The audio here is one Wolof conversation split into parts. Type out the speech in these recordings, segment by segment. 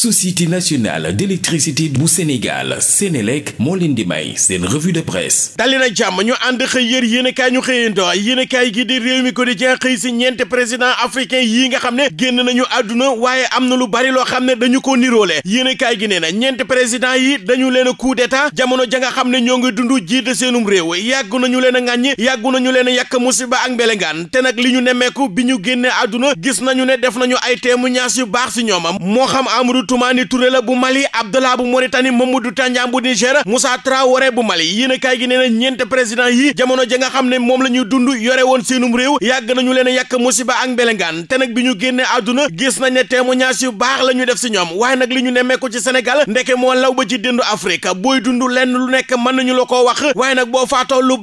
société nationale d'électricité bu Sénégal Sénélec moo leen di may seen revue de presse dali na jàmm ñu ànd xëy yër yéenekaay ñu xëyanto yéenekaay gi di réew mi ko di jeex xëy si ñeenti président africain yi nga xam ne génn nañu àdduna waaye am na lu bari loo xam ne dañu ko niroole yéenekaay gi nee na ñeenti président yi dañu leen a coup d'état jamono ja nga xam ne ñoo ngi dund jiite seenum réew yàgg nañu leen a ŋàññi yàgg nañu leen a yàq m ak mbelengaan te nag li ñu nemmeeku bi ñu génnee àdduna gis nañu ne def nañu ay témoignage yu baax si ñoom moo xam Toumani Touré la bu Mali Abdallah bu Mauritanie Mamadou Tandian bu Niger Moussa Traoré bu Mali yéen a kaay gi nee na ñeent yi jamono ja nga xam ne moom la dund yore woon seenum réew yàgg nañu leen a yàq musiba ak mbelengaan te nag bi ñu génnee àdduna gis nañ ne témoignage yu baax la def si ñoom waaye nag li ñu nemmee ko ci Sénégal ndeke moo law ba ci déndu Afrique booy dund lenn lu nekk mën nañu la koo wax waaye nag boo faatoo lu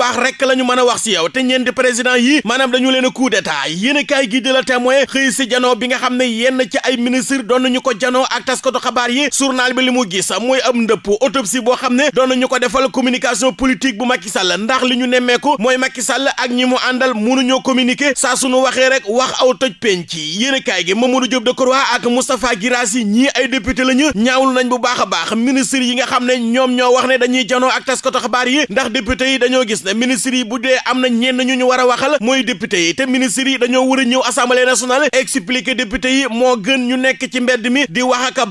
a wax a coup taskatu xabaar yi journal bi li mu gis mooy am ndëpp autopsie boo xam ne doon nañu ko defal communication politique bu Macky Sall ndax li ñu nemmeeku mooy Macky Sall ak mu àndal mënuñoo communiquer saa suñu waxee rek wax aw toj penc yéen kaay gi Mamadou Diop Decroix ak Moustapha Guirassy ñii ay député la ñu ñaawlu nañ bu baax a baax ministre yi nga xam ne ñoom ñoo wax ne dañuy janoo ak taskatu xabaar yi ndax député yi dañoo gis ne ministre yi bu dee am na ñenn ñu ñu war a waxal mooy député yi te ministre yi dañoo war a ñëw assemblée nationale expliquer yi moo gën ñu nekk ci mbedd mi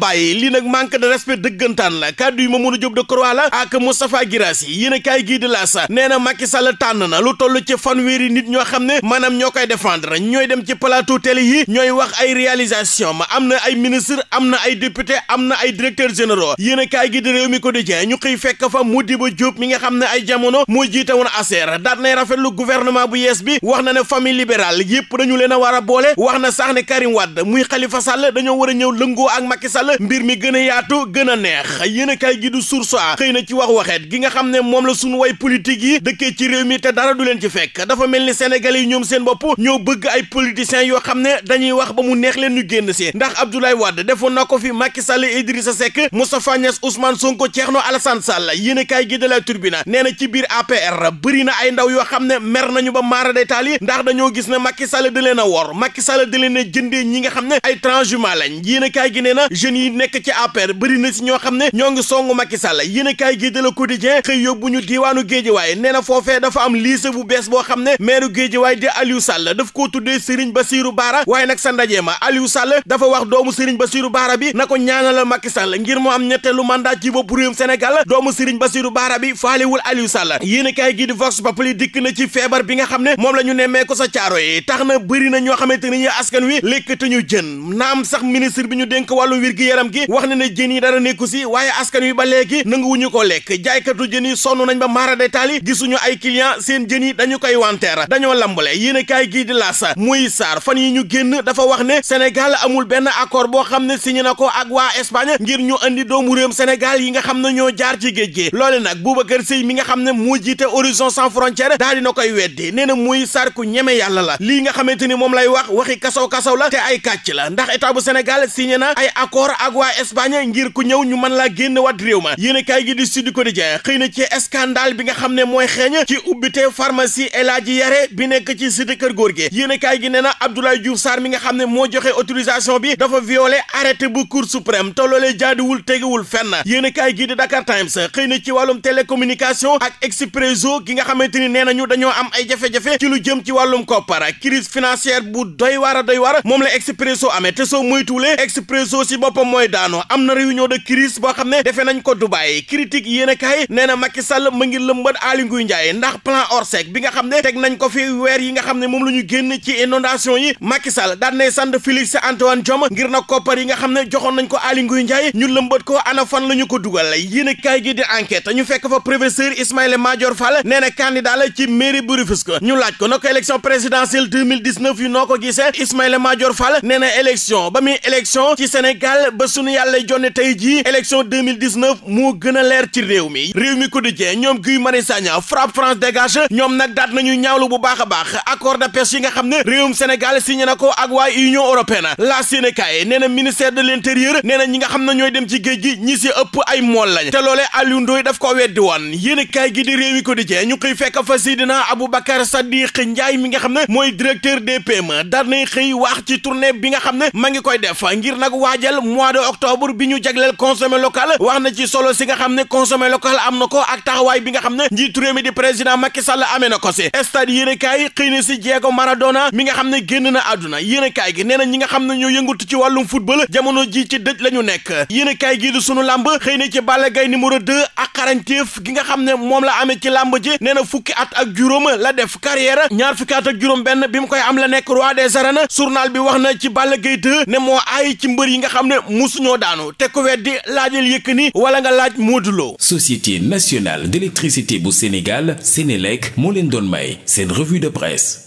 bàyyi lii nag manque de respect dëggantaan la kàddu yi Mamadou Diop Decroix la ak Moustapha Guirassy yéen a kaay gii di laas nee na Macky Sall tànn na lu toll ci fanweeri nit ñoo xam ne maanaam ñoo koy défendre ñooy dem ci plateau télé yi ñooy wax ay réalisation ma am na ay ministre am na ay député am na ay directeurs généraux yéen a kaay gii di réew mi ko dëjee ñu xëy fekk fa Modibo Diop mi nga xam ne ay jamono moo jiite woon ASER daat nay rafetlu gouvernement bu bi wax na ne famille libérale yëpp dañu leen a war boole wax na sax ne Karim Wade muy Khalifa Sall dañoo war a ñëw lëngoo ak Macky Sall daal mbir mi gën a yaatu gën a neex yéen a gi du source xëy na ci wax waxeet gi nga xam ne moom la suñu way politique yi dëkkee ci réew mi te dara du leen ci fekk dafa mel ni sénégalais yi ñoom seen bopp ñoo bëgg ay politiciens yoo xam ne dañuy wax ba mu neex leen ñu génn si ndax Abdoulaye Wade defoon na ko fi Macky Sall Idrissa Seck Moustapha Niass Ousmane Sonko Thierno Alassane Sall yéen a kaay gi de la nee na ci biir APR bëri ay ndaw yoo xam ne mer nañu ba maara day taal ndax dañoo gis ne Macky Sall leen a wor Macky Sall da leen a jëndee ñi nga xam ne ay transhumants a jeunes yi nekk ci APR bëri si ñoo xam ne ñoo ngi songu Macky Sall yéen a kaay gi de la quotidien xëy yóbbu ñu diiwaanu Géejawaay nee na foofee dafa am lycée bu bees boo xam ne maire Géejawaay di Aliou Sall daf koo tuddee Serigne Bassirou Bara waaye nag sa ndaje ma Aliou Sall dafa wax doomu Serigne Bassirou Bara bi na ko ñaanalal Macky Sall ngir mu am ñetteelu mandat ci bopp réewum Sénégal doomu Serigne Bassirou Bara bi faalewul Aliou Sall yéen a kaay gi di Vox Populi dikk na ci feebar bi nga xam ne moom la ñu nemmee ko sa caaro yi na bëri na ñoo ni askan wi lékkatuñu jën naam sax ministre bi ñu dénk wàllu wér yaram gi wax na ne jën yi dara nekku si waaye askan wi ba léegi nanguwuñu ko lekk jaaykatu jën yi sonn nañ ba maara taali yi gisuñu ay client seen jën yi dañu koy wanteer dañoo lambale yéen a kaay gii di laas muy saar fan yi ñu génn dafa wax ne Sénégal amul benn accord boo xam ne signé na ko ak waa Espagne ngir ñu andi doomu réewum Sénégal yi nga xam ne ñoo jaar ci géej gi loole nag Boubacar Sèye mi nga xam ne moo jiite Horizon sans frontières daal dina koy weddi nee na muy saar ku ñeme yàlla la lii nga xamante ni moom lay wax waxi kasaw kasaw la ay kàcc ndax état bu Sénégal na ak waa Espagne ngir ku ñëw ñu man laa génn waat réew ma yéen a kaay gi di Sud Quotidien xëy na ci scandale bi nga xam ne mooy xeeñ ci ubbite pharmacie El Hadji Yare bi nekk ci cité Kër Góor gi yéen a kaay gi nee na Abdoulaye Diouf mi nga xam ne moo joxe autorisation bi dafa violé arrêté bu Cour suprême te loolee jaaduwul teguwul fenn yéen a kaay gi di Dakar Times xëy na ci wàllum télécommunication ak Expresso gi nga xamante ni nee nañu dañoo am ay jafe-jafe ci lu jëm ci wàllum koppar crise financière bu doy waar a doy waar moom la Expresso amee te soo moytuwulee Expresso si bopp boppam mooy daanoo am na réunion de crise boo xam ne defee nañ ko Dubaay critique yéen kaay nee na Macky Sall mu ngi lëmbat Aly Ngouille Ndiaye ndax plan Orsec bi nga xam ne teg nañ ko fi weer yi nga xam ne moom la ñu génn ci inondation yi Macky Sall daan nay sant Félix Antoine Diome ngir na koppar yi nga xam ne joxoon nañ ko Aly Ngouille Ndiaye ñu lëmbat ko ana fan ko dugal yéen a kaay gi di enquête ñu fekk fa professeur Ismaïla Madior Fall nee na candidat la ci mairie bu Rufisque ñu ko na ko élection présidentielle 2019 yu noo ba muy élection ci Sénégal daal ba a leer ci réew mi réew mi quotidien ñoom Guy Marius Sagna frappe France dégage ñoom nag daat nañu ñaawlu bu baax a baax accord de pêche yi nga xam ne réewum Sénégal signé na ko ak waa Union européenne la Sénégal nee na ministère de l'intérieur nee ñi nga xam ne ñooy dem ci géej ñi si ëpp ay mool lañ te loolee Aliou Ndoye daf ko weddi woon yéen gi di réew mi quotidien ñu koy fekk fa Seydina Aboubacar Sadiq Ndiaye mi nga xam ne mooy directeur des bi nga xam ne ma ngi koy def ngir mois de octobre bi ñu jagleel consommé local wax na ci solo si nga xam ne consommé local am na ko ak taxawaay bi nga xam ne njiitu réew mi di président Macky Sall amee na ko si stade yéenekaay xëy na si Diego Maradona mi nga xam ne génn na àdduna yéenekaay gi nee na ñi nga xam ne ñoo yëngatu ci wàllum football jamono ji ci dëj la ñu nekk yéenekaay gi di sunu làmb xëy na ci Balla Gaye numéro 2 ak xarañteef gi nga xam ne moom la amee ci làmb ji nee na fukki at ak juróom la def carrière ñaar fukki at ak juróom benn bi mu koy am la nekk roi des arènes bi wax na ci Balla Gaye 2 ne moo aay ci mbër yi nga xam ne musuñoo daanu te ku weddi laajal Yékini wala nga laaj Modou Lo Société nationale d'électricité bu Sénégal Sénélec moo leen doon may seen revue de presse